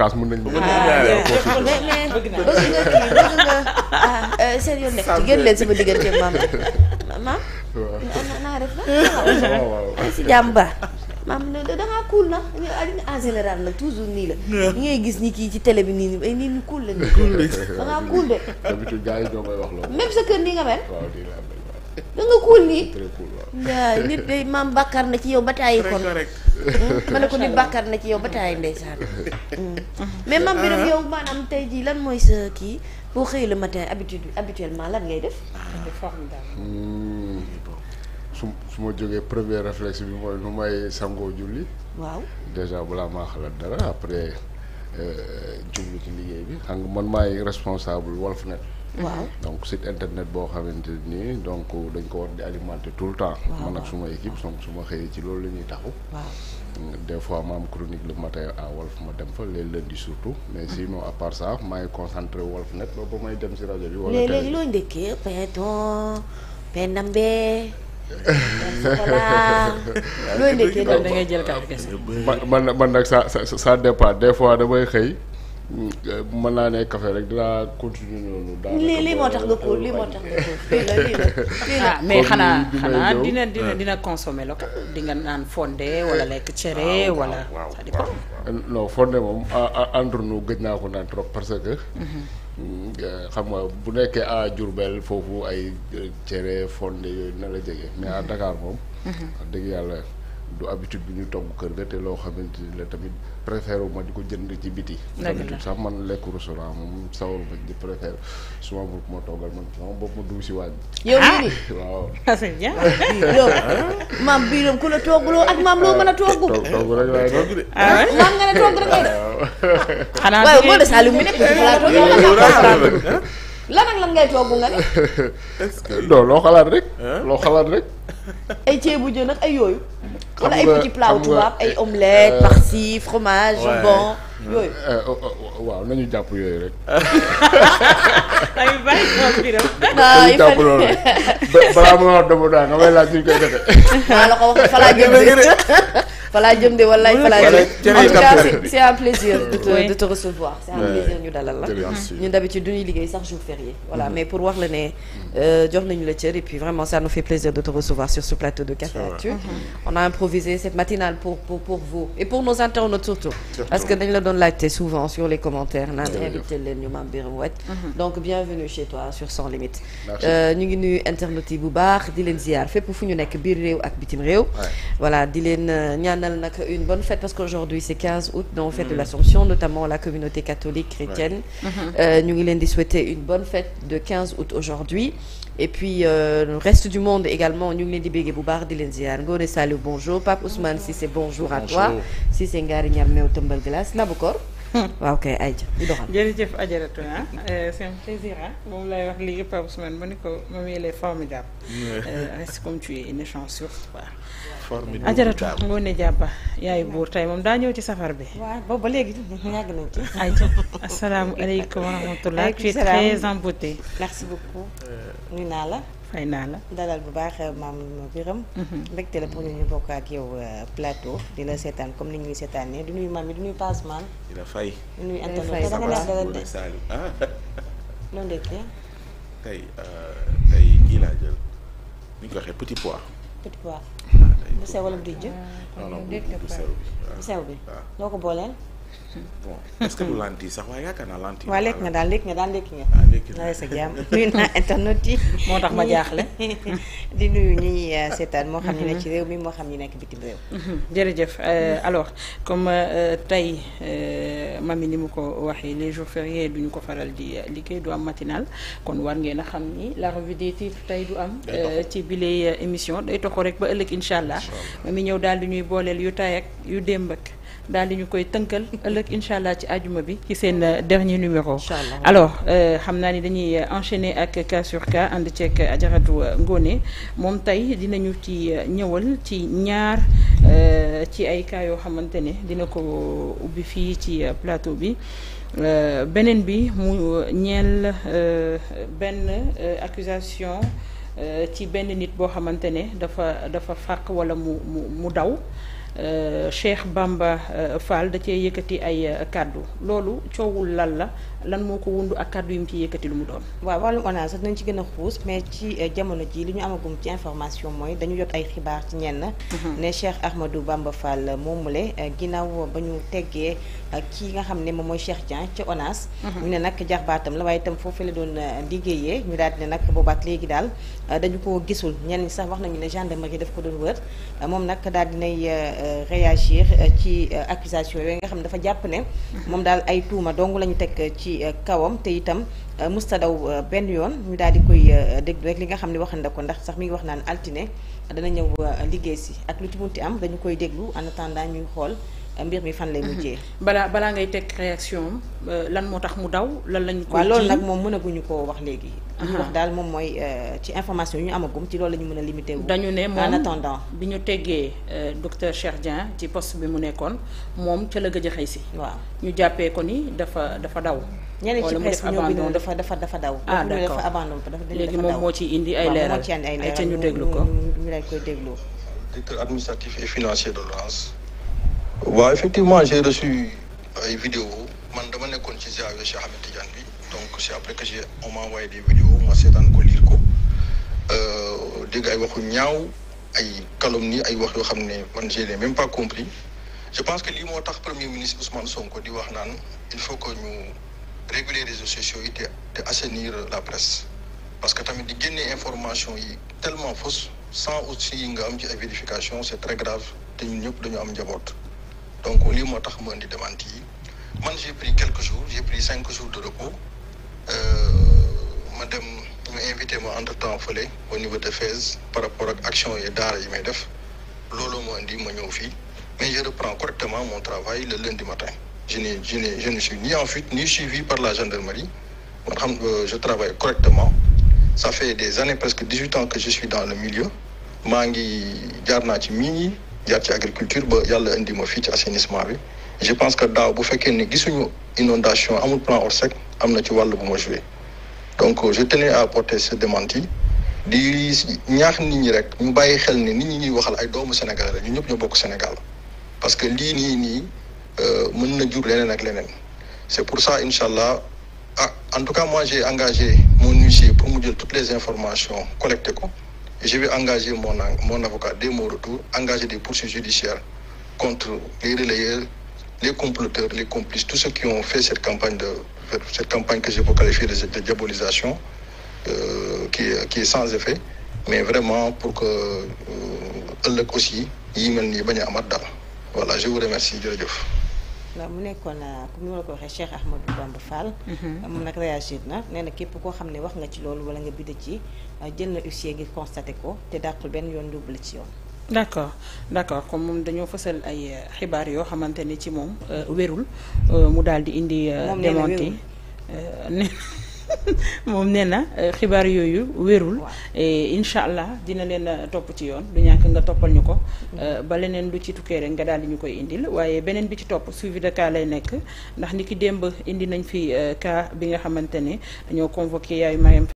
kaas mën nañu. mën nañu bëgg naa bëgg ah, euh, seen yoon nekk ci génn leen sama diggante maam maam. naa def la ah, si jàmm ba dangaa cool na ah, en général nag toujours nii la. ñi gis ñi kii ci télé bi cool nii. la dangaa cool de. d'habitude sa kër nii nga mel. da nga kuul nii. très nit day maam bàkkaar na ci yow ba taayi kon. Hmm? ma ne ko nit bàkkaar na ci yow ba taayi ndeysaan. Hmm. mais maam bi nag maanaam tey jii lan mooy sa kii boo xëyee le matin habitude habituellement lan ngay def. Ah. Hmm. su su ma jógee premier réflexe bi mooy nu may sangoo julli. waaw déjà balaa maa xalaat dara après euh, jublu ci liggéey bi xam nga man maay responsable Walf Net. waaw donc site internet boo xamante nii donc dañ ko war di alimenter tout le temps. man ak suma équipe donc su ma xëyee ci loolu la ñuy taxu. Mm, des fois ma am chronique le matin à Walf ma dem fa les lundi surtout mais mm-hmm. sinon à part ça maay concentré Walf net ba ba may dem si rajo bi. wala télé léeg-léeg loo ndëkkee Peyton Pendambe. voilà looy ndëkkee da ngay jël kàddu kese. man man nag ça ça ça dépend des fois damay xëy. mën naa ne café rek dinaa continuer noonu. daanaka lii lii moo tax nga kóol lii moo tax nga kóol lii la lii la lii la. Ah, mais xanaa xanaa dina dina ah. dina consommer local di nga naan fonde wala lekk cere wala. ça dépend euh, non fonde moom entre nous gëj naa ko naan trop parce que. Mhm. Mm, euh, xam nga bu nekkee à Diourbel foofu ay euh, cere fonde yooyu na la jege mais à mhm. Dakar moom. Mhm. wax dëgg yàlla. du habitude bi ñu togg kër ga te loo xamante la tamit préfère ma di ko jënd ci biti d'habitude sax man lekk restaurant moom sawar ma di préfère suma bopp ma toggal man sama bopp ma dugg si waañ yow mii ah, ah, la toggloo ak loo ah, nga ne togg rek ngay def lan ngay togg nga ne. non loo xalaat rek. loo xalaat rek. ay ceebu jën ak ay yooyu. wala ay petit plat wu tubaab ay omelette euh, farci fromage jambon yooyu. Euh, oh, oh, oh, waaw nañu jàpp yooyu rek. ay bàyyi xool bi rek. nañu nga may laaj suñ koy defee. maa la ko wax fa laa jëm voilà jëm de wallaay falaa jëm en tout cas c'est un plaisir de te de recevoir c'est un plaisir ñu dalal la ñun d'habitude duñuy liggéey jour férié mm-hmm. mais pour wax la ne euh, jox et plaisir de te recevoir sur ce plateau de Café mm-hmm. on a improvisé cette matinale pour vous et pour nos internautes surtout parce que dañ la doon laajte souvent sur les commentaires naan eh, invité mm-hmm. donc bienvenue chez toi sur Sans Limite euh, ñu ngi nuyu internautes di leen ziar fépp fu ñu nekk biir ak bitim ñaanal nag une bonne fête parce qu'aujourd'hui c'est 15 de mm. l'Assomption notamment la communauté catholique chrétienne ñu ngi leen di souhaiter une bonne fête de 15 août aujourd'hui et puis euh, le reste du monde également ñu ngi leen di béggee bu baax di leen ziar Ngoné Saliou bonjour Pape Ousmane Cissé bonjour à toi Cissé Ngari ñam meew tëmbal glace Nabou Cor waaw kay Aïcha di doxal. jërëjëf Adjaratou ah euh, c'est un plaisir ah. moom lay wax lii Pape Ousmane ma ni ko moom il est formidable. Euh, reste comme tu es une chance sur yaay buur tey moom daa ñëw ci safar bi. waaw ba léegi yàgg nañ ci. Aïcha asalaamualeykum wa rahmatulah. tu es très emboutée. merci beaucoup. Euh. nuyu naa la. fay naa la dalal bu baax euh, maam Birame mhm. mbégte la pour ñu ñu bokk ak yow euh, plateau di seetaan comme ni ñuy seetaanee du nuyu maam yi du nuyu Passemal di la fay du nuyu internet danga neex ndekkee tey euh, tey kii laa jël ni ñu ko waxee petit pois petit pois bu ah, ah, sew bi loo ah, ko booleel bon est-ce que du lentille sax waaye yaakaar naa lekk nga daal lekk nga daal lekk ah, sa jàmm nuyu naa internet yi. moo tax ma jaaxle. di nuyu ñuy euh, seetaan moo xam ne nekk ci réew mi moo xam ñu nekk bitim réew. Mm-hmm. jërëjëf euh, alors comme euh, tey mami ni mu ko waxee les jours fériés duñu ko faral di liggéey du am matinal kon war ngeen a xam nii la revue des titres tey du am. ci bile émission day toxu rek ba ëllëg incha allah. mami ñëw daal di ñuy booleel yu tay ak yu démb ak. daal di ñu koy tënkal ëllëg incha allah ci ajuma bi ci seen euh, dernier numéro. alors euh, xam naa ni dañuy euh, enchaîner ak cas sur cas ànd jaratu Ajaratu moom tey dinañu ci ñëwal ci ñaar ci ay cas yoo xamante ne dina ko ubbi fii ci plateau bi. Euh, beneen bi mu ñeel euh, benn euh, accusation ci benn nit boo xamante ne dafa dafa fàq walla mu mu mu daw Euh, Cheikh Bamba euh, Fall da cee yëkkati ay euh, kàddu loolu coowul lan la lan moo ko wundu ak kàddu yu mu ciy yëkkati lu mu doon. waaw wàllum ONAS dinañ ci gën a xuus mais ci jamono ji li ñu amagum ci information mooy dañu yot ay xibaar ci ñenn. Mhm. ne Cheikh Ahmadou Bamba moom moomule ginnaaw ba ñu teggee kii nga xam ne moom mooy Cheikh Dieng ci ONAS. ñu mhm. ne nag jarbaatam la waaye itam foofu la doon liggéeyee ñu daal di ne nag boobaat léegi daal dañu ko gisul ñenn sax wax nañu ne gendarmerie daf ko doon wër moom nag daal di Euh, réagir euh, ci euh, accusation yooyu nga xam ne dafa jàpp ne moom daal ay tuuma dong la ñu teg ci kawam te itam musta daw benn yoon ñu daal di koy déglu rek li nga xam ne wax na ko ndax sax mi ngi wax naan altine dana ñëw liggéey si ak lu ci munti am dañu koy déglu en attendant ñuy xool mbir mi fan lay mujjee. balaa balaa ngay teg réaction euh, lan moo tax mu daw lan lañ ko waaw loolu nag moom mënaguñu koo wax léegi. li wax daal moom mooy euh, ci information yu ñu amagum ci loolu la mën a limité wu. dañu ne moom attendant bi ñu teggee euh, docteur Cheikh Dieng ci post bi mu nekkoon moom ca la gëj a si. waaw ñu jàppee ko ni dafa dafa daw. ñeneen ci presse bi ñoo bindoon dafa dafa dafa daw. ah d' léegi moom moo ci indi ay leeral moo ci indi ay leeral ñu ñu ñu ñu ñu ñu ñu ñu ñu ñu ñu ñu ñu ñu waaw effectivement j'ai reçu ay euh, vidéos man dama nekkoon ci ziaru Cheikh Ahmed Tidiane bi donc c'est après que j'ai on m'a envoyé des vidéos ma seetaan ko lire ko euh, dégg ay waxu ñaaw ay calomnie ay wax yoo xam ne man je n'ai même pas compris je pense que lii moo tax premier ministre Ousmane Sonko di wax naan il faut que ñu réguler réseaux sociaux yi te assenir assainir la presse parce que tamit di génne information yi tellement fausse sans aussi nga am ci ay vérification c'est très te ñëpp dañu am njaboot. donc lii moo tax ma indi demande yi man j'ai pris quelques jours j'ai pris cinq jours de repos euh, ma dem ñu invité ma entre temps fële au niveau de Fès par rapport ak action yi daara yi may def loolu moo indi ma ñëw fii mais je reprends correctement mon travail le lundi matin je n'ai je n'ai je ne suis ni en fuite ni suivi par la gendarmerie man xam euh, je travaille correctement ça fait des années presque dix-huit ans que je suis dans le milieu maa ngi jaar naa ci mii jaar ci agriculture ba yàlla indi ma fii ci assainissement bi je pense que daaw bu fekkee ni gisuñu inondation amul plan Orsec am na ci wàll bu ma joué donc euh, je tenais à apporter ce di ñaax nit ñi rek ñu bàyyi xel ni nit ñi ñuy waxal ay doomu Sénégal la ñu ñëpp ñoo bokk Sénégal parce que lii nii nii euh, mën na jur leneen ak leneen c'est pour ça incha allah ah en tout cas moi j'ai moo mon pour mu jël toutes les informations collecté ko je vais engager mon, mon avocat dès mon retour, engager des poursuites judiciaires contre les relayeurs, les comploteurs, les complices, tous ceux qui ont fait cette campagne, de, cette campagne que je peux qualifier de, de diabolisation, euh, qui, qui, est sans effet, mais vraiment pour que euh, aussi, il y ait Voilà, je vous remercie, Djordjev. waaw mu nekkoon euh, comme ni ma la ko waxee Cheikh Ahmadou Bamba Fall. Mhm. moom nag réagir na nee na képp koo xam ne wax nga ci loolu wala nga bind ci euh, jël na huissier ngir constaté ko te dàqul benn yoon yóbbu la ci yoon. d' accord d' accord comme moom dañoo fësal ay euh, xibaar yoo xamante ni ci moom wérul mu daal di indi. démenti moom moom nee na eh, xibaar yooyu wérul et eh, incha allah dina leen eh, topp ci yoon du ñàkk nga toppal ñu ko ba leneen lu ci tukkee rek nga daal di ñu koy indil waaye beneen bi ci topp suivi de cas lay nekk ndax ni ki démb indi nañ fi cas bi nga xamante ne ñoo convoqué yaayu Mariam